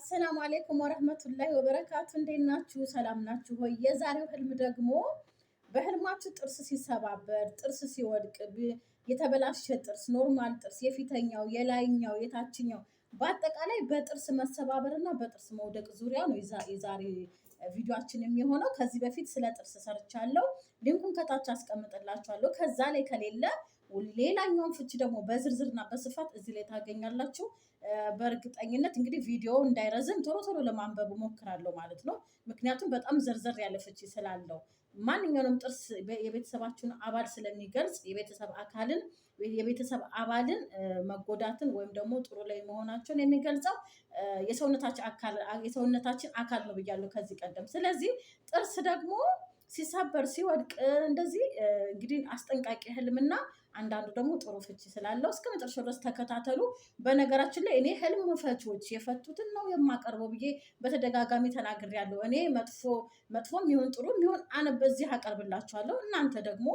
አሰላሙ አሌይኩም ወረህመቱላሂ ወበረካቱ። እንዴት ናችሁ? ሰላም ናችሁ ሆይ? የዛሬው ህልም ደግሞ በህልማችሁ ጥርስ ሲሰባበር፣ ጥርስ ሲወድቅ፣ የተበላሸ ጥርስ፣ ኖርማል ጥርስ፣ የፊተኛው፣ የላይኛው፣ የታችኛው በአጠቃላይ በጥርስ መሰባበር እና በጥርስ መውደቅ ዙሪያ ነው የዛሬ ቪዲዮችን የሚሆነው። ከዚህ በፊት ስለ ጥርስ ሰርቻለሁ። ሊንኩን ከታች አስቀምጥላችኋለሁ። ከዛ ላይ ከሌለ ሌላኛውን ፍቺ ደግሞ በዝርዝርና በስፋት እዚህ ላይ ታገኛላችሁ። በእርግጠኝነት እንግዲህ ቪዲዮ እንዳይረዝም ቶሎ ቶሎ ለማንበብ እሞክራለሁ ማለት ነው። ምክንያቱም በጣም ዘርዘር ያለ ፍቺ ስላለው ማንኛውንም ጥርስ የቤተሰባችን አባል ስለሚገልጽ የቤተሰብ አካልን የቤተሰብ አባልን መጎዳትን ወይም ደግሞ ጥሩ ላይ መሆናቸውን የሚገልጸው የሰውነታችን አካል ነው ብያለሁ ከዚህ ቀደም። ስለዚህ ጥርስ ደግሞ ሲሰበር ሲወድቅ እንደዚህ እንግዲህ አስጠንቃቂ ህልምና አንዳንዱ ደግሞ ጥሩ ፍቺ ስላለው እስከ መጨረሻው ድረስ ተከታተሉ። በነገራችን ላይ እኔ ህልም ፈቾች የፈቱትን ነው የማቀርበው ብዬ በተደጋጋሚ ተናግሬያለሁ። እኔ መጥፎ መጥፎ የሚሆን ጥሩ የሚሆን አነ በዚህ አቀርብላችኋለሁ። እናንተ ደግሞ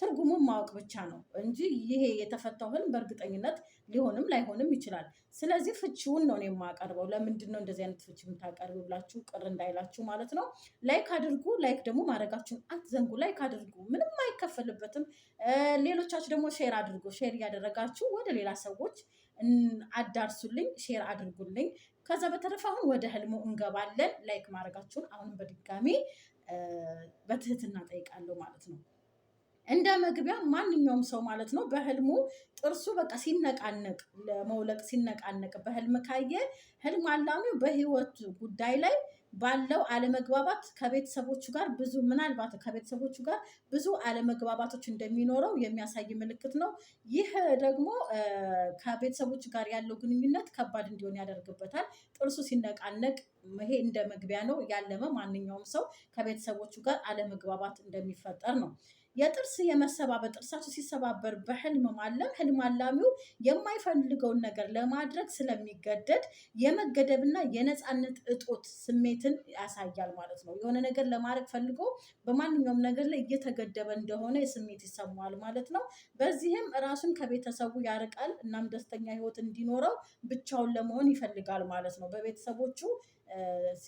ትርጉሙን ማወቅ ብቻ ነው እንጂ ይሄ የተፈታው ህልም በእርግጠኝነት ሊሆንም ላይሆንም ይችላል። ስለዚህ ፍቺውን ነው የማቀርበው። ለምንድን ነው እንደዚህ አይነት ፍቺ የምታቀርብ ብላችሁ ቅር እንዳይላችሁ ማለት ነው። ላይክ አድርጉ። ላይክ ደግሞ ማድረጋችሁን አትዘንጉ። ላይክ አድርጉ፣ ምንም አይከፈልበትም። ሌሎቻችሁ ደግሞ ሼር አድርጉ። ሼር እያደረጋችሁ ወደ ሌላ ሰዎች አዳርሱልኝ፣ ሼር አድርጉልኝ። ከዛ በተረፈ አሁን ወደ ህልሙ እንገባለን። ላይክ ማድረጋችሁን አሁንም በድጋሚ በትህትና ጠይቃለሁ ማለት ነው። እንደ መግቢያ ማንኛውም ሰው ማለት ነው በህልሙ ጥርሱ በቃ ሲነቃነቅ ለመውለቅ ሲነቃነቅ በህልም ካየ ህልም አላሚው በህይወቱ ጉዳይ ላይ ባለው አለመግባባት ከቤተሰቦቹ ጋር ብዙ ምናልባት ከቤተሰቦቹ ጋር ብዙ አለመግባባቶች እንደሚኖረው የሚያሳይ ምልክት ነው። ይህ ደግሞ ከቤተሰቦቹ ጋር ያለው ግንኙነት ከባድ እንዲሆን ያደርግበታል። ጥርሱ ሲነቃነቅ ይሄ እንደ መግቢያ ነው። ያለመ ማንኛውም ሰው ከቤተሰቦቹ ጋር አለመግባባት እንደሚፈጠር ነው። የጥርስ የመሰባበር ጥርሳቸው ሲሰባበር በህልም ማለም ህልም አላሚው የማይፈልገውን ነገር ለማድረግ ስለሚገደድ የመገደብና የነፃነት እጦት ስሜትን ያሳያል ማለት ነው። የሆነ ነገር ለማድረግ ፈልጎ በማንኛውም ነገር ላይ እየተገደበ እንደሆነ ስሜት ይሰማዋል ማለት ነው። በዚህም ራሱን ከቤተሰቡ ያርቃል። እናም ደስተኛ ህይወት እንዲኖረው ብቻውን ለመሆን ይፈልጋል ማለት ነው። በቤተሰቦቹ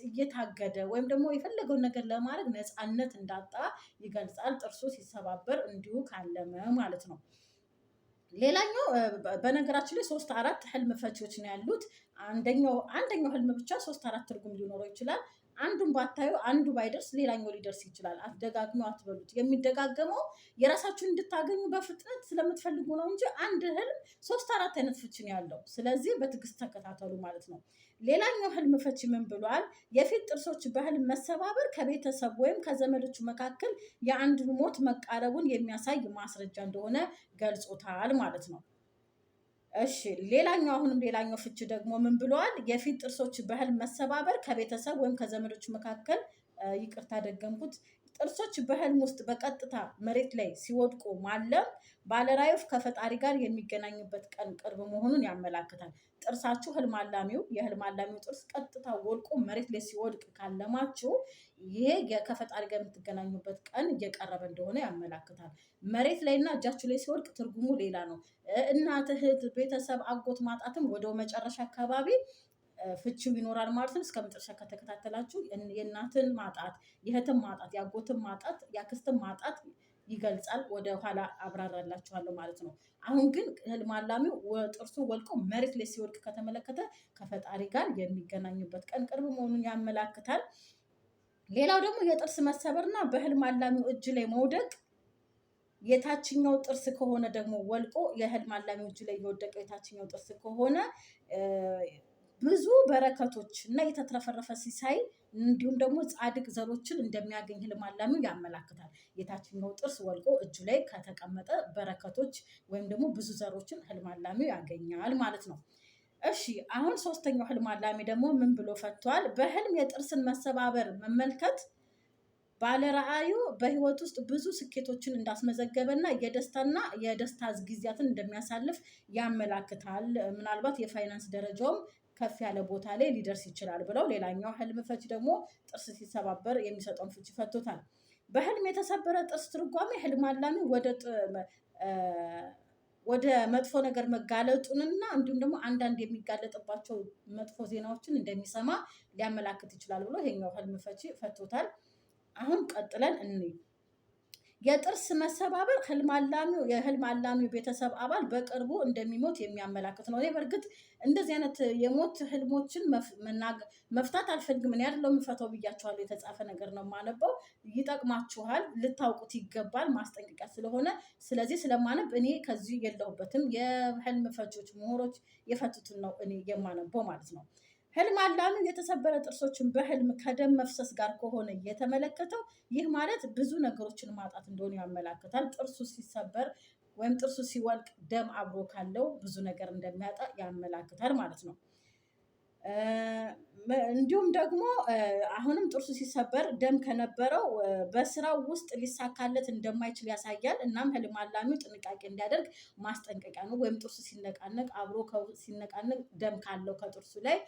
እየታገደ ወይም ደግሞ የፈለገውን ነገር ለማድረግ ነፃነት እንዳጣ ይገልጻል። ጥርሱ ሲሰባበር እንዲሁ ካለመ ማለት ነው። ሌላኛው በነገራችን ላይ ሶስት አራት ህልም ፈቺዎች ነው ያሉት። አንደኛው አንደኛው ህልም ብቻ ሶስት አራት ትርጉም ሊኖረው ይችላል። አንዱን ባታዩ አንዱ ባይደርስ ሌላኛው ሊደርስ ይችላል። አትደጋግሙ፣ አትበሉት። የሚደጋገመው የራሳችሁን እንድታገኙ በፍጥነት ስለምትፈልጉ ነው እንጂ አንድ ህልም ሶስት አራት አይነት ፍችን ያለው። ስለዚህ በትዕግስት ተከታተሉ ማለት ነው። ሌላኛው ህልም ፈቺ ምን ብሏል? የፊት ጥርሶች በህልም መሰባበር ከቤተሰብ ወይም ከዘመዶቹ መካከል የአንዱን ሞት መቃረቡን የሚያሳይ ማስረጃ እንደሆነ ገልጾታል ማለት ነው። እሺ ሌላኛው አሁንም ሌላኛው ፍቺ ደግሞ ምን ብለዋል? የፊት ጥርሶች በህልም መሰባበር ከቤተሰብ ወይም ከዘመዶች መካከል ይቅርታ ደገምኩት ጥርሶች በህልም ውስጥ በቀጥታ መሬት ላይ ሲወድቁ ማለም ባለራዕዮች ከፈጣሪ ጋር የሚገናኙበት ቀን ቅርብ መሆኑን ያመላክታል። ጥርሳችሁ ህልም አላሚው የህልም አላሚው ጥርስ ቀጥታ ወድቆ መሬት ላይ ሲወድቅ ካለማችሁ ይሄ ከፈጣሪ ጋር የምትገናኙበት ቀን እየቀረበ እንደሆነ ያመላክታል። መሬት ላይና እጃችሁ ላይ ሲወድቅ ትርጉሙ ሌላ ነው። እናት፣ እህት፣ ቤተሰብ፣ አጎት ማጣትም ወደው መጨረሻ አካባቢ ፍቺው ይኖራል ማለት ነው። እስከ መጨረሻ ከተከታተላችሁ የእናትን ማጣት፣ የእህትን ማጣት፣ የአጎትን ማጣት፣ የአክስትን ማጣት ይገልጻል። ወደ ኋላ አብራራላችኋለሁ ማለት ነው። አሁን ግን ህልም አላሚው ጥርሱ ወልቆ መሬት ላይ ሲወድቅ ከተመለከተ ከፈጣሪ ጋር የሚገናኙበት ቀን ቅርብ መሆኑን ያመላክታል። ሌላው ደግሞ የጥርስ መሰበርና በህልም አላሚው እጅ ላይ መውደቅ የታችኛው ጥርስ ከሆነ ደግሞ ወልቆ የህልም አላሚው እጅ ላይ የወደቀው የታችኛው ጥርስ ከሆነ ብዙ በረከቶች እና የተትረፈረፈ ሲሳይ እንዲሁም ደግሞ ጻድቅ ዘሮችን እንደሚያገኝ ህልም ያመላክታል። የታችኛው ጥርስ ወልቆ እጁ ላይ ከተቀመጠ በረከቶች ወይም ደግሞ ብዙ ዘሮችን ህልም ያገኛል ማለት ነው። እሺ አሁን ሶስተኛው ህልም አላሚ ደግሞ ምን ብሎ ፈቷል? በህልም የጥርስን መሰባበር መመልከት ባለረአዩ በህይወት ውስጥ ብዙ ስኬቶችን እንዳስመዘገበና የደስታና የደስታ ጊዜያትን እንደሚያሳልፍ ያመላክታል። ምናልባት የፋይናንስ ደረጃውም ከፍ ያለ ቦታ ላይ ሊደርስ ይችላል ብለው፣ ሌላኛው ህልም ፈቺ ደግሞ ጥርስ ሲሰባበር የሚሰጠውን ፍቺ ፈቶታል። በህልም የተሰበረ ጥርስ ትርጓሜ ህልም አላሚ ወደ መጥፎ ነገር መጋለጡንና እንዲሁም ደግሞ አንዳንድ የሚጋለጥባቸው መጥፎ ዜናዎችን እንደሚሰማ ሊያመላክት ይችላል ብሎ ይሄኛው ህልም ፈቺ ፈቶታል። አሁን ቀጥለን እንይ። የጥርስ መሰባበር ህልም አላሚው ቤተሰብ አባል በቅርቡ እንደሚሞት የሚያመላክት ነው። እኔ በእርግጥ እንደዚህ አይነት የሞት ህልሞችን መፍታት አልፈልግም። እኔ አይደለሁ የምፈታው ብያችኋለሁ። የተጻፈ ነገር ነው የማነበው። ይጠቅማችኋል፣ ልታውቁት ይገባል። ማስጠንቀቂያ ስለሆነ ስለዚህ ስለማነብ እኔ ከዚህ የለሁበትም። የህልም ፈቾች ምሁሮች የፈቱትን ነው እኔ የማነበው ማለት ነው። ህልም አላሚው የተሰበረ ጥርሶችን በህልም ከደም መፍሰስ ጋር ከሆነ የተመለከተው ይህ ማለት ብዙ ነገሮችን ማጣት እንደሆነ ያመላክታል። ጥርሱ ሲሰበር ወይም ጥርሱ ሲወልቅ ደም አብሮ ካለው ብዙ ነገር እንደሚያጣ ያመላክታል ማለት ነው። እንዲሁም ደግሞ አሁንም ጥርሱ ሲሰበር ደም ከነበረው በስራው ውስጥ ሊሳካለት እንደማይችል ያሳያል። እናም ህልም አላሚው ጥንቃቄ እንዲያደርግ ማስጠንቀቂያ ነው። ወይም ጥርሱ ሲነቃነቅ አብሮ ሲነቃነቅ ደም ካለው ከጥርሱ ላይ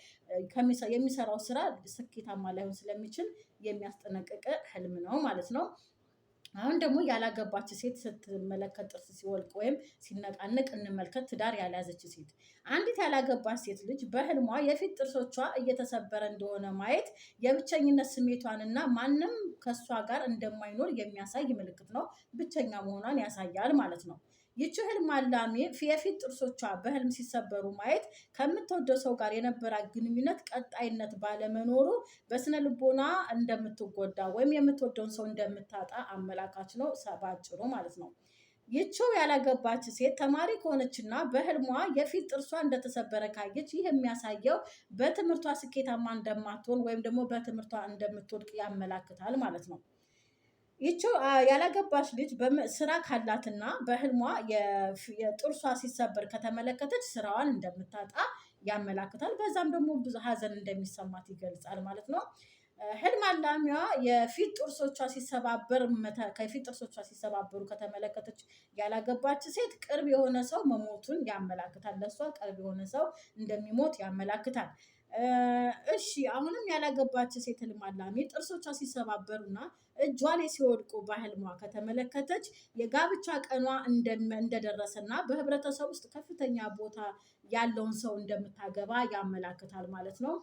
የሚሰራው ስራ ስኬታማ ላይሆን ስለሚችል የሚያስጠነቅቅ ህልም ነው ማለት ነው። አሁን ደግሞ ያላገባች ሴት ስትመለከት ጥርስ ሲወልቅ ወይም ሲነቃነቅ እንመልከት። ትዳር ያልያዘች ሴት አንዲት ያላገባች ሴት ልጅ በህልሟ የፊት ጥርሶቿ እየተሰበረ እንደሆነ ማየት የብቸኝነት ስሜቷንና ማንም ከእሷ ጋር እንደማይኖር የሚያሳይ ምልክት ነው። ብቸኛ መሆኗን ያሳያል ማለት ነው። ይቺ ህልም አላሚ የፊት ጥርሶቿ በህልም ሲሰበሩ ማየት ከምትወደው ሰው ጋር የነበራት ግንኙነት ቀጣይነት ባለመኖሩ በስነ ልቦና እንደምትጎዳ ወይም የምትወደውን ሰው እንደምታጣ አመላካች ነው። ሰባጭሩ ማለት ነው። ይቺው ያላገባች ሴት ተማሪ ከሆነችና በህልሟ የፊት ጥርሷ እንደተሰበረ ካየች ይህ የሚያሳየው በትምህርቷ ስኬታማ እንደማትሆን ወይም ደግሞ በትምህርቷ እንደምትወድቅ ያመላክታል ማለት ነው። ይቺ ያላገባች ልጅ ስራ ካላትና በህልሟ የጥርሷ ሲሰበር ከተመለከተች ስራዋን እንደምታጣ ያመላክታል። በዛም ደግሞ ብዙ ሀዘን እንደሚሰማት ይገልጻል ማለት ነው። ህልም አላሚዋ የፊት ጥርሶቿ ሲሰባበር ከፊት ጥርሶቿ ሲሰባበሩ ከተመለከተች ያላገባች ሴት ቅርብ የሆነ ሰው መሞቱን ያመላክታል። ለእሷ ቅርብ የሆነ ሰው እንደሚሞት ያመላክታል። እሺ አሁንም ያላገባች ሴት ህልም አላሚ ጥርሶቿ ሲሰባበሩና እጇ ላይ ሲወድቁ በህልሟ ከተመለከተች የጋብቻ ቀኗ እንደደረሰና በህብረተሰብ ውስጥ ከፍተኛ ቦታ ያለውን ሰው እንደምታገባ ያመላክታል ማለት ነው።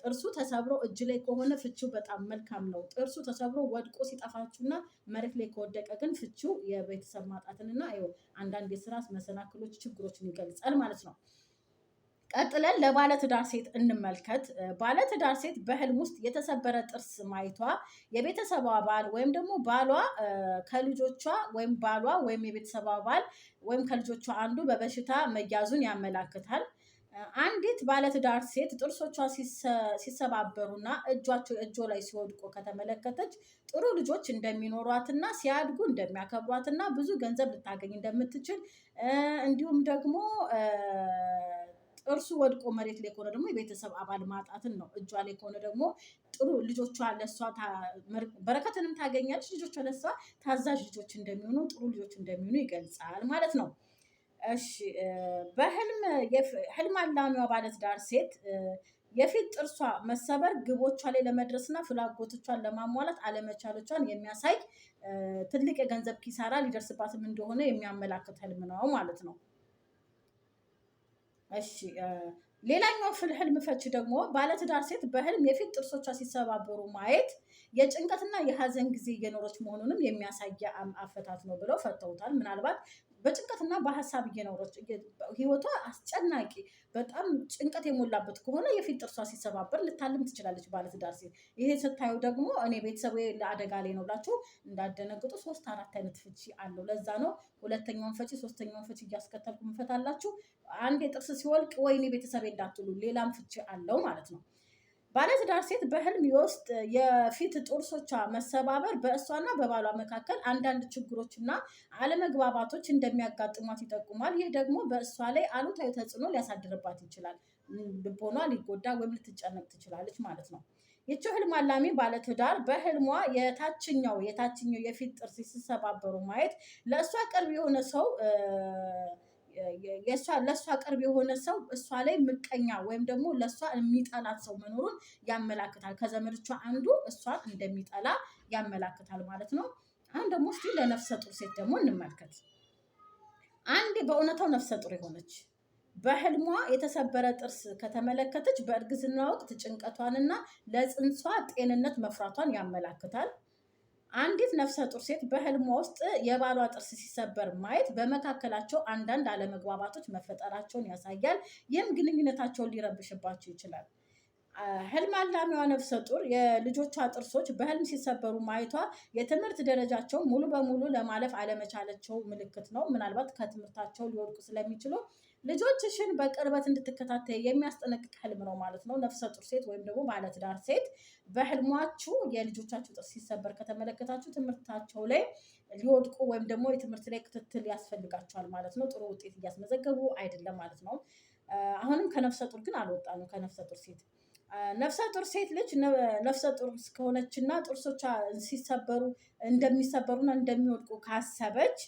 ጥርሱ ተሰብሮ እጅ ላይ ከሆነ ፍቺው በጣም መልካም ነው። ጥርሱ ተሰብሮ ወድቆ ሲጠፋችሁና መሬት ላይ ከወደቀ ግን ፍቺው የቤተሰብ ማጣትንና አንዳንድ የስራ መሰናክሎች፣ ችግሮችን ይገልጻል ማለት ነው። ቀጥለን ለባለትዳር ሴት እንመልከት። ባለትዳር ሴት በህልም ውስጥ የተሰበረ ጥርስ ማየቷ የቤተሰቧ ባል ወይም ደግሞ ባሏ ከልጆቿ ወይም ባሏ ወይም የቤተሰቧ ባል ወይም ከልጆቿ አንዱ በበሽታ መያዙን ያመላክታል። አንዲት ባለትዳር ሴት ጥርሶቿ ሲሰባበሩና እጇቸው እጆ ላይ ሲወድቁ ከተመለከተች ጥሩ ልጆች እንደሚኖሯትና ሲያድጉ እንደሚያከብሯትና ብዙ ገንዘብ ልታገኝ እንደምትችል እንዲሁም ደግሞ እርሱ ወድቆ መሬት ላይ ከሆነ ደግሞ የቤተሰብ አባል ማጣትን ነው። እጇ ላይ ከሆነ ደግሞ ጥሩ ልጆቿ ለሷ በረከትንም ታገኛለች። ልጆቿ ለሷ ታዛዥ ልጆች እንደሚሆኑ ጥሩ ልጆች እንደሚሆኑ ይገልጻል ማለት ነው። እሺ በህልም ህልም አላሚዋ ባለትዳር ሴት የፊት ጥርሷ መሰበር ግቦቿ ላይ ለመድረስና ፍላጎቶቿን ለማሟላት አለመቻሎቿን የሚያሳይ ትልቅ የገንዘብ ኪሳራ ሊደርስባትም እንደሆነ የሚያመላክት ህልም ነው ማለት ነው። እሺ ሌላኛው ፍልህል ምፈች ደግሞ ባለትዳር ሴት በህልም የፊት ጥርሶቿ ሲሰባበሩ ማየት የጭንቀትና የሀዘን ጊዜ እየኖረች መሆኑንም የሚያሳየ አፈታት ነው ብለው ፈተውታል። ምናልባት በጭንቀትና በሀሳብ እየኖረች ህይወቷ አስጨናቂ በጣም ጭንቀት የሞላበት ከሆነ የፊት ጥርሷ ሲሰባበር ልታልም ትችላለች ባለትዳር ሴት። ይሄ ስታዩ ደግሞ እኔ ቤተሰብ ለአደጋ ላይ ነው ብላችሁ እንዳደነግጡ ሶስት አራት አይነት ፍቺ አለው። ለዛ ነው ሁለተኛውን ፈቺ ሶስተኛውን ፈቺ እያስከተልኩ ምፈታላችሁ። አንድ የጥርስ ሲወልቅ ወይኔ ቤተሰብ እንዳትሉ ሌላም ፍቺ አለው ማለት ነው። ባለትዳር ሴት በህልም ውስጥ የፊት ጥርሶቿ መሰባበር በእሷና በባሏ መካከል አንዳንድ ችግሮችና አለመግባባቶች እንደሚያጋጥሟት ይጠቁማል። ይህ ደግሞ በእሷ ላይ አሉታዊ ተጽዕኖ ሊያሳድርባት ይችላል። ልቦኗ ሊጎዳ ወይም ልትጨነቅ ትችላለች ማለት ነው። ይቺ ህልም አላሚ ባለትዳር በህልሟ የታችኛው የታችኛው የፊት ጥርስ ሲሰባበሩ ማየት ለእሷ ቅርብ የሆነ ሰው ለእሷ ቅርብ የሆነ ሰው እሷ ላይ ምቀኛ ወይም ደግሞ ለእሷ የሚጠላት ሰው መኖሩን ያመላክታል። ከዘመዶቿ አንዱ እሷን እንደሚጠላ ያመላክታል ማለት ነው። አሁን ደግሞ እስኪ ለነፍሰ ጡር ሴት ደግሞ እንመልከት። አንድ በእውነታው ነፍሰ ጡር የሆነች በህልሟ የተሰበረ ጥርስ ከተመለከተች በእርግዝና ወቅት ጭንቀቷንና ለጽንሷ ጤንነት መፍራቷን ያመላክታል። አንዲት ነፍሰ ጡር ሴት በህልሟ ውስጥ የባሏ ጥርስ ሲሰበር ማየት በመካከላቸው አንዳንድ አለመግባባቶች መፈጠራቸውን ያሳያል። ይህም ግንኙነታቸውን ሊረብሽባቸው ይችላል። ህልም አላሚዋ ነፍሰ ጡር የልጆቿ ጥርሶች በህልም ሲሰበሩ ማየቷ የትምህርት ደረጃቸውን ሙሉ በሙሉ ለማለፍ አለመቻለቸው ምልክት ነው። ምናልባት ከትምህርታቸው ሊወድቁ ስለሚችሉ ልጆችሽን በቅርበት እንድትከታተይ የሚያስጠነቅቅ ህልም ነው ማለት ነው። ነፍሰ ጡር ሴት ወይም ደግሞ ባለትዳር ሴት በህልሟችሁ የልጆቻችሁ ጥርስ ሲሰበር ከተመለከታችሁ ትምህርታቸው ላይ ሊወድቁ ወይም ደግሞ የትምህርት ላይ ክትትል ያስፈልጋቸዋል ማለት ነው። ጥሩ ውጤት እያስመዘገቡ አይደለም ማለት ነው። አሁንም ከነፍሰ ጡር ግን አልወጣንም። ከነፍሰ ጡር ሴት ነፍሰ ጡር ሴት ልጅ ነፍሰ ጡር ከሆነችና ጥርሶቿ ሲሰበሩ እንደሚሰበሩና እንደሚወድቁ ካሰበች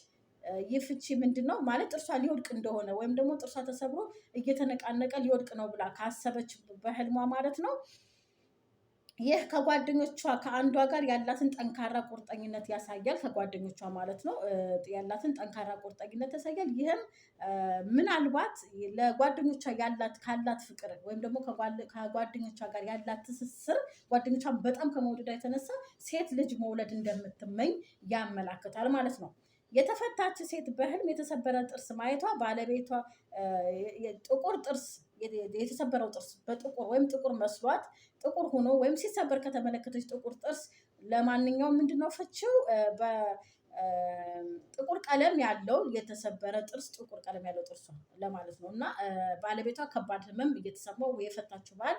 ይህ ፍቺ ምንድን ነው ማለት ጥርሷ ሊወድቅ እንደሆነ ወይም ደግሞ ጥርሷ ተሰብሮ እየተነቃነቀ ሊወድቅ ነው ብላ ካሰበች በህልሟ ማለት ነው። ይህ ከጓደኞቿ ከአንዷ ጋር ያላትን ጠንካራ ቁርጠኝነት ያሳያል። ከጓደኞቿ ማለት ነው ያላትን ጠንካራ ቁርጠኝነት ያሳያል። ይህም ምናልባት ለጓደኞቿ ያላት ካላት ፍቅር ወይም ደግሞ ከጓደኞቿ ጋር ያላት ትስስር ጓደኞቿን በጣም ከመውደዷ የተነሳ ሴት ልጅ መውለድ እንደምትመኝ ያመላክታል ማለት ነው። የተፈታች ሴት በህልም የተሰበረ ጥርስ ማየቷ ባለቤቷ ጥቁር ጥርስ የተሰበረው ጥርስ በጥቁር ወይም ጥቁር መስሏት ጥቁር ሆኖ ወይም ሲሰበር ከተመለከተች ጥቁር ጥርስ ለማንኛውም ምንድነው ፍቺው? ጥቁር ቀለም ያለው የተሰበረ ጥርስ ጥቁር ቀለም ያለው ጥርስ ለማለት ነው። እና ባለቤቷ ከባድ ህመም እየተሰማው የፈታችው ባል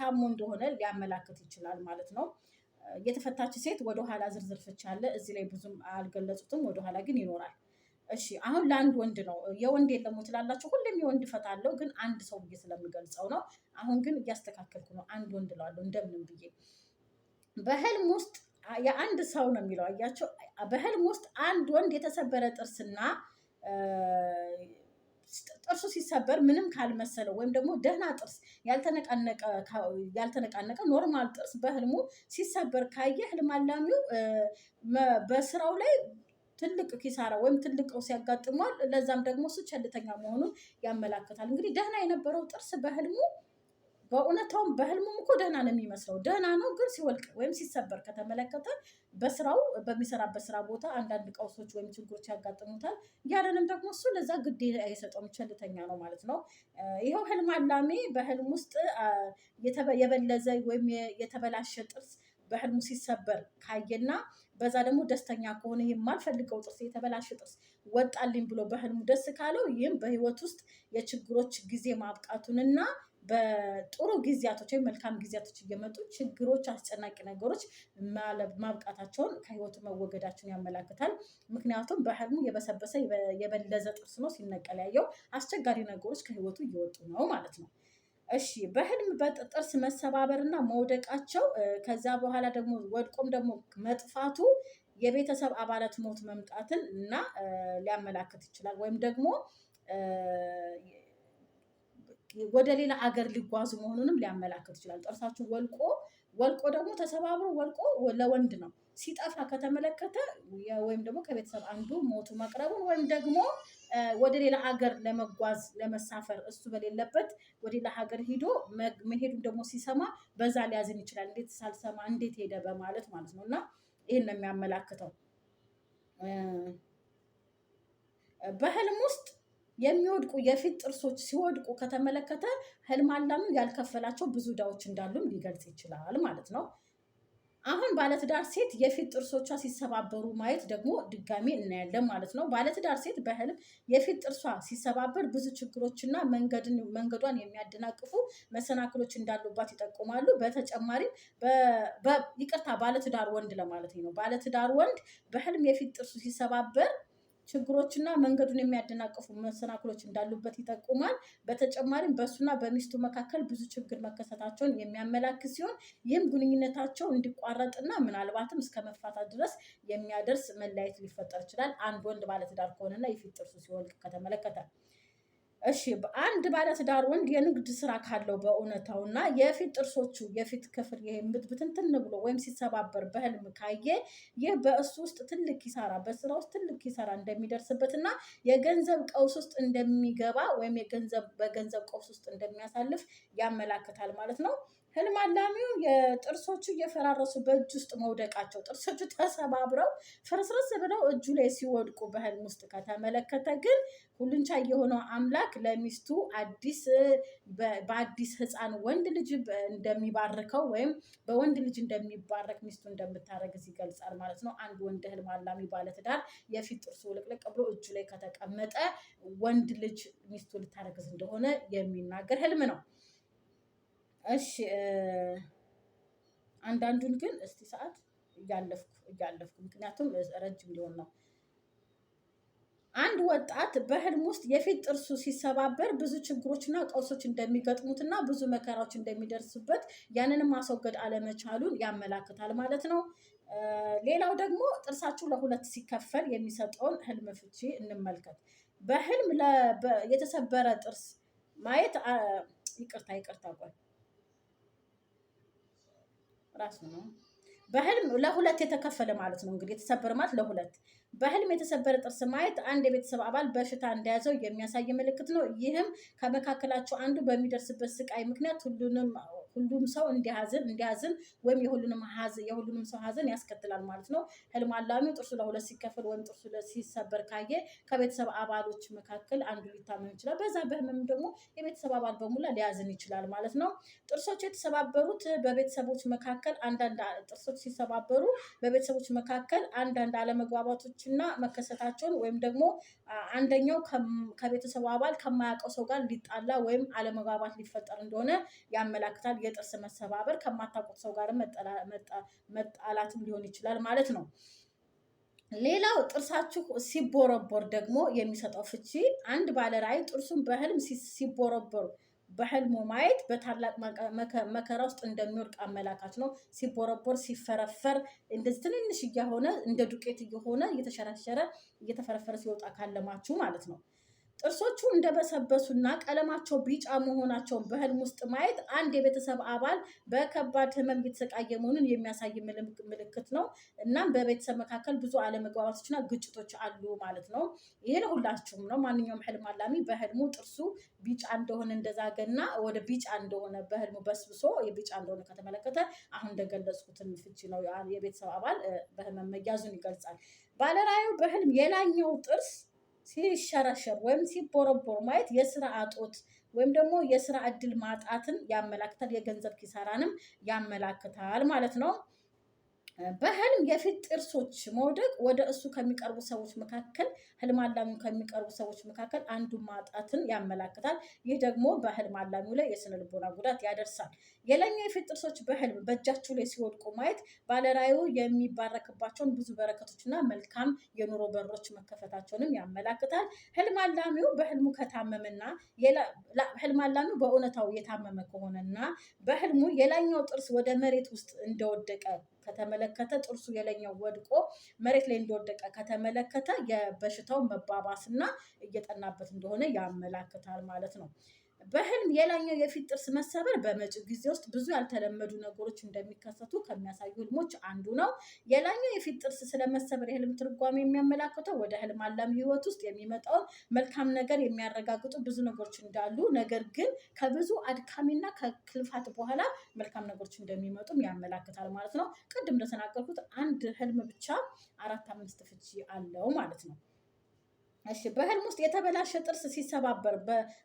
ታሞ እንደሆነ ሊያመላክት ይችላል ማለት ነው። የተፈታች ሴት ወደኋላ ዝርዝር ፍች አለ። እዚህ ላይ ብዙም አልገለጹትም፣ ወደኋላ ግን ይኖራል። እሺ አሁን ለአንድ ወንድ ነው የወንድ የለም ትላላችሁ። ሁሌም የወንድ እፈታለሁ ግን አንድ ሰው ብዬ ስለምገልጸው ነው። አሁን ግን እያስተካከልኩ ነው። አንድ ወንድ እለዋለሁ እንደምንም ብዬ። በህልም ውስጥ የአንድ ሰው ነው የሚለው አያቸው። በህልም ውስጥ አንድ ወንድ የተሰበረ ጥርስና ጥርሱ ሲሰበር ምንም ካልመሰለው ወይም ደግሞ ደህና ጥርስ ያልተነቃነቀ ኖርማል ጥርስ በህልሙ ሲሰበር ካየ ህልም አላሚው በስራው ላይ ትልቅ ኪሳራ ወይም ትልቅ ቀውስ ያጋጥሟል። ለዛም ደግሞ እሱ ቸልተኛ መሆኑን ያመላክታል። እንግዲህ ደህና የነበረው ጥርስ በህልሙ በእውነታውም በህልሙም እኮ ደህና ነው የሚመስለው። ደህና ነው ግን ሲወልቅ ወይም ሲሰበር ከተመለከተ በስራው በሚሰራበት ስራ ቦታ አንዳንድ ቀውሶች ወይም ችግሮች ያጋጥሙታል። ያለንም ደግሞ እሱ ለዛ ግድ አይሰጠውም፣ ቸልተኛ ነው ማለት ነው። ይኸው ህልም አላሜ በህልም ውስጥ የበለዘ ወይም የተበላሸ ጥርስ በህልሙ ሲሰበር ካየና በዛ ደግሞ ደስተኛ ከሆነ የማልፈልገው ጥርስ የተበላሸ ጥርስ ወጣልኝ ብሎ በህልሙ ደስ ካለው ይህም በህይወት ውስጥ የችግሮች ጊዜ ማብቃቱንና በጥሩ ጊዜያቶች ወይም መልካም ጊዜያቶች እየመጡ ችግሮች፣ አስጨናቂ ነገሮች ማብቃታቸውን ከህይወቱ መወገዳቸውን ያመላክታል። ምክንያቱም በህልሙ የበሰበሰ የበለዘ ጥርስ ነው ሲነቀል ያየው። አስቸጋሪ ነገሮች ከህይወቱ እየወጡ ነው ማለት ነው። እሺ በህልም በጥርስ መሰባበርና መውደቃቸው ከዛ በኋላ ደግሞ ወድቆም ደግሞ መጥፋቱ የቤተሰብ አባላት ሞት መምጣትን እና ሊያመላክት ይችላል ወይም ደግሞ ወደ ሌላ አገር ሊጓዙ መሆኑንም ሊያመላክት ይችላል። ጥርሳችሁ ወልቆ ወልቆ ደግሞ ተሰባብሮ ወልቆ ለወንድ ነው። ሲጠፋ ከተመለከተ ወይም ደግሞ ከቤተሰብ አንዱ ሞቱ መቅረቡን ወይም ደግሞ ወደ ሌላ ሀገር ለመጓዝ ለመሳፈር እሱ በሌለበት ወደ ሌላ ሀገር ሂዶ መሄዱን ደግሞ ሲሰማ በዛ ሊያዝን ይችላል። እንዴት ሳልሰማ እንዴት ሄደ በማለት ማለት ነው። እና ይህን ነው የሚያመላክተው በህልም ውስጥ የሚወድቁ የፊት ጥርሶች ሲወድቁ ከተመለከተ ህልም ያልከፈላቸው ብዙ እዳዎች እንዳሉም ሊገልጽ ይችላል ማለት ነው። አሁን ባለትዳር ሴት የፊት ጥርሶቿ ሲሰባበሩ ማየት ደግሞ ድጋሚ እናያለን ማለት ነው። ባለትዳር ሴት በህልም የፊት ጥርሷ ሲሰባበር ብዙ ችግሮችና መንገዷን የሚያደናቅፉ መሰናክሎች እንዳሉባት ይጠቁማሉ። በተጨማሪም ይቅርታ፣ ባለትዳር ወንድ ለማለት ነው። ባለትዳር ወንድ በህልም የፊት ጥርሱ ሲሰባበር ችግሮችና መንገዱን የሚያደናቅፉ መሰናክሎች እንዳሉበት ይጠቁማል። በተጨማሪም በእሱና በሚስቱ መካከል ብዙ ችግር መከሰታቸውን የሚያመላክት ሲሆን ይህም ግንኙነታቸው እንዲቋረጥና ምናልባትም እስከ መፋታት ድረስ የሚያደርስ መለያየት ሊፈጠር ይችላል። አንድ ወንድ ባለትዳር ከሆነና የፊት ጥርሱ ሲወልቅ ከተመለከተ እሺ አንድ ባለትዳር ወንድ የንግድ ስራ ካለው በእውነታው እና የፊት ጥርሶቹ የፊት ክፍል ይሄ ብትንትን ብሎ ወይም ሲሰባበር በህልም ካየ ይህ በእሱ ውስጥ ትልቅ ኪሳራ፣ በስራ ውስጥ ትልቅ ኪሳራ እንደሚደርስበት እና የገንዘብ ቀውስ ውስጥ እንደሚገባ ወይም የገንዘብ በገንዘብ ቀውስ ውስጥ እንደሚያሳልፍ ያመላክታል ማለት ነው። ህልም አላሚው የጥርሶቹ እየፈራረሱ በእጅ ውስጥ መውደቃቸው ጥርሶቹ ተሰባብረው ፍርስርስ ብለው እጁ ላይ ሲወድቁ በህልም ውስጥ ከተመለከተ ግን ሁሉን ቻይ የሆነው አምላክ ለሚስቱ አዲስ በአዲስ ህፃን ወንድ ልጅ እንደሚባርከው ወይም በወንድ ልጅ እንደሚባረክ ሚስቱ እንደምታደረግ ይገልጻል ማለት ነው። አንድ ወንድ ህልም አላሚ ባለትዳር የፊት ጥርሱ ውልቅልቅ ብሎ እጁ ላይ ከተቀመጠ ወንድ ልጅ ሚስቱ ልታረግዝ እንደሆነ የሚናገር ህልም ነው። እሺ አንዳንዱን ግን እስቲ ሰዓት እያለፍኩ እያለፍኩ ምክንያቱም ረጅም ሊሆን ነው። አንድ ወጣት በህልም ውስጥ የፊት ጥርሱ ሲሰባበር ብዙ ችግሮችና ቀውሶች እንደሚገጥሙትና ብዙ መከራዎች እንደሚደርስበት ያንንም ማስወገድ አለመቻሉን ያመላክታል ማለት ነው። ሌላው ደግሞ ጥርሳችሁ ለሁለት ሲከፈል የሚሰጠውን ህልም ፍቺ እንመልከት። በህልም የተሰበረ ጥርስ ማየት ይቅርታ ይቅርታ ቆይ ራሱ ነው። በህልም ለሁለት የተከፈለ ማለት ነው። እንግዲህ የተሰበረ ማለት ለሁለት በህልም የተሰበረ ጥርስ ማየት አንድ የቤተሰብ አባል በሽታ እንደያዘው የሚያሳይ ምልክት ነው። ይህም ከመካከላቸው አንዱ በሚደርስበት ስቃይ ምክንያት ሁሉንም ሁሉም ሰው እንዲያዝን እንዲያዝን ወይም የሁሉንም የሁሉንም ሰው ሀዘን ያስከትላል ማለት ነው። ህልም አላሚው ጥርሱ ለሁለት ሲከፈል ወይም ጥርሱ ሲሰበር ካየ ከቤተሰብ አባሎች መካከል አንዱ ሊታመም ይችላል። በዛ በህመም ደግሞ የቤተሰብ አባል በሙላ ሊያዝን ይችላል ማለት ነው። ጥርሶች የተሰባበሩት በቤተሰቦች መካከል አንዳንድ ጥርሶች ሲሰባበሩ በቤተሰቦች መካከል አንዳንድ አለመግባባቶችና መከሰታቸውን ወይም ደግሞ አንደኛው ከቤተሰቡ አባል ከማያውቀው ሰው ጋር ሊጣላ ወይም አለመግባባት ሊፈጠር እንደሆነ ያመላክታል። የጥርስ መሰባበር፣ ከማታውቁት ሰው ጋር መጣላትም ሊሆን ይችላል ማለት ነው። ሌላው ጥርሳችሁ ሲቦረቦር ደግሞ የሚሰጠው ፍቺ አንድ ባለራዕይ ጥርሱን በህልም ሲቦረቦር በህልሙ ማየት በታላቅ መከራ ውስጥ እንደሚወድቅ አመላካች ነው። ሲቦረቦር ሲፈረፈር፣ እንደዚህ ትንንሽ እያሆነ እንደ ዱቄት እየሆነ እየተሸረሸረ እየተፈረፈረ ሲወጣ ካለማችሁ ማለት ነው። ጥርሶቹ እንደበሰበሱና ቀለማቸው ቢጫ መሆናቸውን በህልም ውስጥ ማየት አንድ የቤተሰብ አባል በከባድ ህመም እየተሰቃየ መሆኑን የሚያሳይ ምልክት ነው። እናም በቤተሰብ መካከል ብዙ አለመግባባቶችና ግጭቶች አሉ ማለት ነው። ይህን ሁላችሁም ነው። ማንኛውም ህልም አላሚ በህልሙ ጥርሱ ቢጫ እንደሆነ እንደዛገና ወደ ቢጫ እንደሆነ በህልሙ በስብሶ የቢጫ እንደሆነ ከተመለከተ አሁን እንደገለጽኩትን ፍቺ ነው። የቤተሰብ አባል በህመም መያዙን ይገልጻል። ባለራዩ በህልም የላኛው ጥርስ ሲሸረሸር ወይም ሲቦረቦር ማየት የስራ አጦት ወይም ደግሞ የስራ እድል ማጣትን ያመላክታል። የገንዘብ ኪሳራንም ያመላክታል ማለት ነው። በህልም የፊት ጥርሶች መውደቅ ወደ እሱ ከሚቀርቡ ሰዎች መካከል ህልም አላሚው ከሚቀርቡ ሰዎች መካከል አንዱ ማጣትን ያመላክታል። ይህ ደግሞ በህልም አላሚው ላይ የስነ ልቦና ጉዳት ያደርሳል። የለኛ የፊት ጥርሶች በህልም በእጃችሁ ላይ ሲወድቁ ማየት ባለራዩ የሚባረክባቸውን ብዙ በረከቶችና መልካም የኑሮ በሮች መከፈታቸውንም ያመላክታል። ህልም አላሚው በህልሙ ከታመመና ህልም አላሚው በእውነታው የታመመ ከሆነና በህልሙ የላይኛው ጥርስ ወደ መሬት ውስጥ እንደወደቀ ከተመለከተ ጥርሱ የላይኛው ወድቆ መሬት ላይ እንደወደቀ ከተመለከተ የበሽታው መባባስና እየጠናበት እንደሆነ ያመላክታል ማለት ነው። በህልም የላኛው የፊት ጥርስ መሰበር በመጪው ጊዜ ውስጥ ብዙ ያልተለመዱ ነገሮች እንደሚከሰቱ ከሚያሳዩ ህልሞች አንዱ ነው። የላኛው የፊት ጥርስ ስለመሰበር የህልም ትርጓሜ የሚያመላክተው ወደ ህልም አላሚ ህይወት ውስጥ የሚመጣውን መልካም ነገር የሚያረጋግጡ ብዙ ነገሮች እንዳሉ፣ ነገር ግን ከብዙ አድካሚና ከክልፋት በኋላ መልካም ነገሮች እንደሚመጡም ያመላክታል ማለት ነው። ቅድም እንደተናገርኩት አንድ ህልም ብቻ አራት አምስት ፍቺ አለው ማለት ነው። እሺ በህልም ውስጥ የተበላሸ ጥርስ ሲሰባበር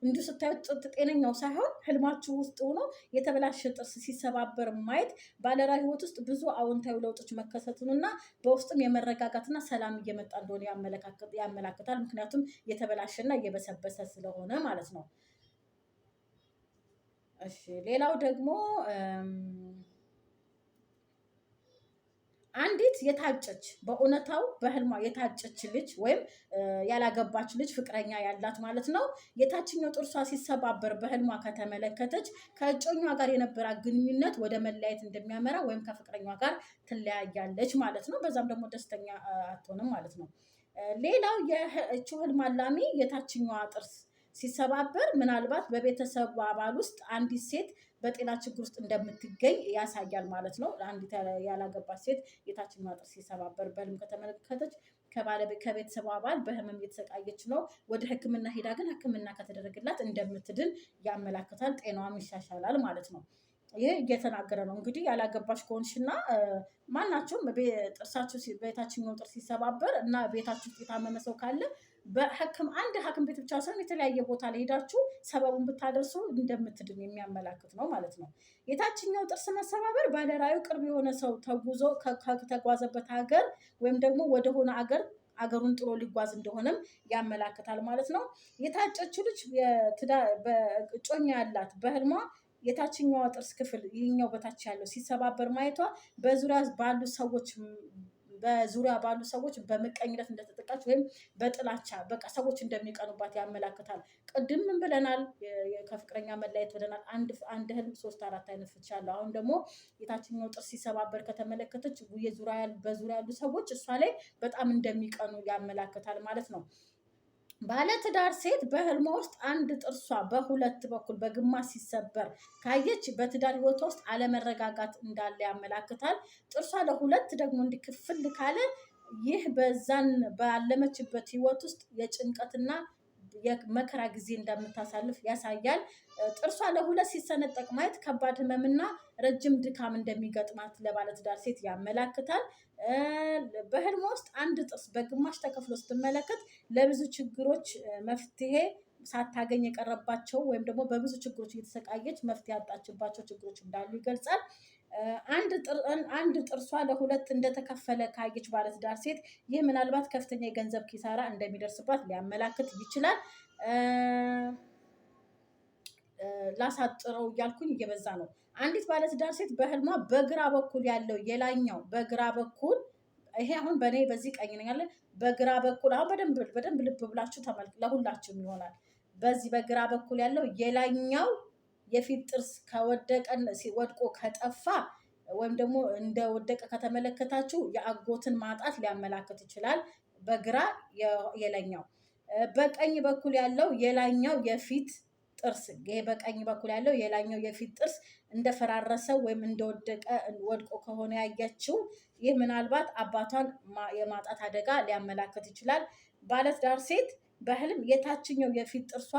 እንዲሁ ስታዩት ጤነኛው ሳይሆን ህልማችሁ ውስጥ ሆኖ የተበላሸ ጥርስ ሲሰባበር ማየት ባለራ ህይወት ውስጥ ብዙ አዎንታዊ ለውጦች እና በውስጥም የመረጋጋትና ሰላም እየመጣ እንደሆነ ያመላክታል። ምክንያቱም የተበላሸና እየበሰበሰ ስለሆነ ማለት ነው። እሺ ሌላው ደግሞ አንዲት የታጨች በእውነታው በህልሟ የታጨች ልጅ ወይም ያላገባች ልጅ ፍቅረኛ ያላት ማለት ነው። የታችኛው ጥርሷ ሲሰባበር በህልሟ ከተመለከተች ከእጮኛዋ ጋር የነበራት ግንኙነት ወደ መለያየት እንደሚያመራ ወይም ከፍቅረኛዋ ጋር ትለያያለች ማለት ነው። በዛም ደግሞ ደስተኛ አትሆንም ማለት ነው። ሌላው የህልም አላሚ የታችኛዋ ጥርስ ሲሰባበር ምናልባት በቤተሰቡ አባል ውስጥ አንዲት ሴት በጤና ችግር ውስጥ እንደምትገኝ ያሳያል ማለት ነው። አንዲት ያላገባች ሴት የታችኛው ጥርስ ሲሰባበር በህልም ከተመለከተች ከቤተሰቡ አባል በህመም እየተሰቃየች ነው። ወደ ሕክምና ሄዳ ግን ሕክምና ከተደረገላት እንደምትድን ያመላክታል። ጤናዋም ይሻሻላል ማለት ነው። ይህ እየተናገረ ነው እንግዲህ ያላገባች ከሆንሽና ማናቸውም ጥርሳቸው በታችኛው ጥርስ ሲሰባበር እና ቤታችሁ የታመመ ሰው ካለ በህክም አንድ ሐኪም ቤት ብቻ ሳይሆን የተለያየ ቦታ ለሄዳችሁ ሰበቡን ብታደርሱ እንደምትድን የሚያመላክት ነው ማለት ነው። የታችኛው ጥርስ መሰባበር ባለራዩ ቅርብ የሆነ ሰው ተጉዞ ከተጓዘበት ሀገር ወይም ደግሞ ወደሆነ አገር አገሩን ጥሎ ሊጓዝ እንደሆነም ያመላክታል ማለት ነው። የታጨች ልጅ እጮኛ ያላት በህልሟ የታችኛዋ ጥርስ ክፍል ይህኛው በታች ያለው ሲሰባበር ማየቷ በዙሪያ ባሉ ሰዎች በዙሪያ ባሉ ሰዎች በምቀኝነት እንደተጠቃች ወይም በጥላቻ በቃ ሰዎች እንደሚቀኑባት ያመላክታል። ቅድም ብለናል? ከፍቅረኛ መለየት ብለናል። አንድ ህልም ሶስት አራት አይነት ፍቺ አለው። አሁን ደግሞ የታችኛው ጥርስ ሲሰባበር ከተመለከተች በዙሪያ ያሉ ሰዎች እሷ ላይ በጣም እንደሚቀኑ ያመላክታል ማለት ነው። ባለትዳር ሴት በህልሟ ውስጥ አንድ ጥርሷ በሁለት በኩል በግማሽ ሲሰበር ካየች በትዳር ህይወቷ ውስጥ አለመረጋጋት እንዳለ ያመላክታል። ጥርሷ ለሁለት ደግሞ እንዲክፍል ካለ ይህ በዛን ባለመችበት ህይወት ውስጥ የጭንቀትና የመከራ ጊዜ እንደምታሳልፍ ያሳያል። ጥርሷ ለሁለት ሲሰነጠቅ ማየት ከባድ ህመምና ረጅም ድካም እንደሚገጥማት ለባለትዳር ሴት ያመላክታል። በህልም ውስጥ አንድ ጥርስ በግማሽ ተከፍሎ ስትመለከት ለብዙ ችግሮች መፍትሄ ሳታገኝ የቀረባቸው ወይም ደግሞ በብዙ ችግሮች እየተሰቃየች መፍትሄ ያጣችባቸው ችግሮች እንዳሉ ይገልጻል። አንድ ጥርሷ ለሁለት እንደተከፈለ ካየች ባለትዳር ሴት ይህ ምናልባት ከፍተኛ የገንዘብ ኪሳራ እንደሚደርስባት ሊያመላክት ይችላል። ላሳጥረው እያልኩኝ እየበዛ ነው። አንዲት ባለትዳር ሴት በህልሟ በግራ በኩል ያለው የላኛው በግራ በኩል ይሄ አሁን በእኔ በዚህ ቀኝ ነው ያለ በግራ በኩል አሁን በደንብ በደንብ ልብ ብላችሁ ተመልክ፣ ለሁላችሁም ይሆናል። በዚህ በግራ በኩል ያለው የላኛው የፊት ጥርስ ከወደቀ ወድቆ ከጠፋ ወይም ደግሞ እንደወደቀ ከተመለከታችሁ የአጎትን ማጣት ሊያመላክት ይችላል። በግራ የላኛው በቀኝ በኩል ያለው የላኛው የፊት ጥርስ ይሄ በቀኝ በኩል ያለው የላኛው የፊት ጥርስ እንደፈራረሰ ወይም እንደወደቀ ወድቆ ከሆነ ያየችው ይህ ምናልባት አባቷን የማጣት አደጋ ሊያመላክት ይችላል። ባለትዳር ሴት በህልም የታችኛው የፊት ጥርሷ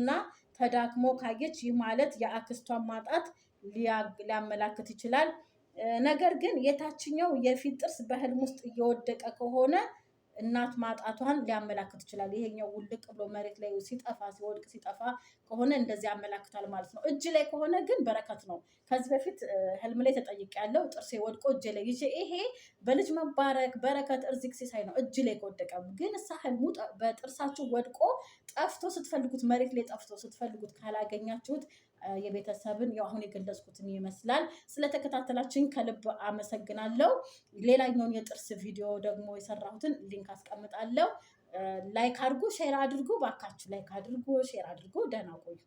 እና ተዳክሞ ካየች ይህ ማለት የአክስቷን ማጣት ሊያመላክት ይችላል። ነገር ግን የታችኛው የፊት ጥርስ በህልም ውስጥ እየወደቀ ከሆነ እናት ማጣቷን ሊያመላክት ይችላል። ይሄኛው ውልቅ ብሎ መሬት ላይ ሲጠፋ ሲወድቅ ሲጠፋ ከሆነ እንደዚህ ያመላክታል ማለት ነው። እጅ ላይ ከሆነ ግን በረከት ነው። ከዚህ በፊት ህልም ላይ ተጠይቅ ያለው ጥርሴ ወድቆ እጅ ላይ ይዤ ይሄ በልጅ መባረክ በረከት እርዚቅ ሲሳይ ነው። እጅ ላይ ከወደቀ ግን እሳ ህልሙ በጥርሳችሁ ወድቆ ጠፍቶ ስትፈልጉት መሬት ላይ ጠፍቶ ስትፈልጉት ካላገኛችሁት የቤተሰብን ያው አሁን የገለጽኩትን ይመስላል። ስለተከታተላችን ከልብ አመሰግናለሁ። ሌላኛውን የጥርስ ቪዲዮ ደግሞ የሰራሁትን ሊንክ አስቀምጣለሁ። ላይክ አድርጉ፣ ሼር አድርጉ። ባካችሁ ላይክ አድርጉ፣ ሼር አድርጉ። ደህና ቆዩ።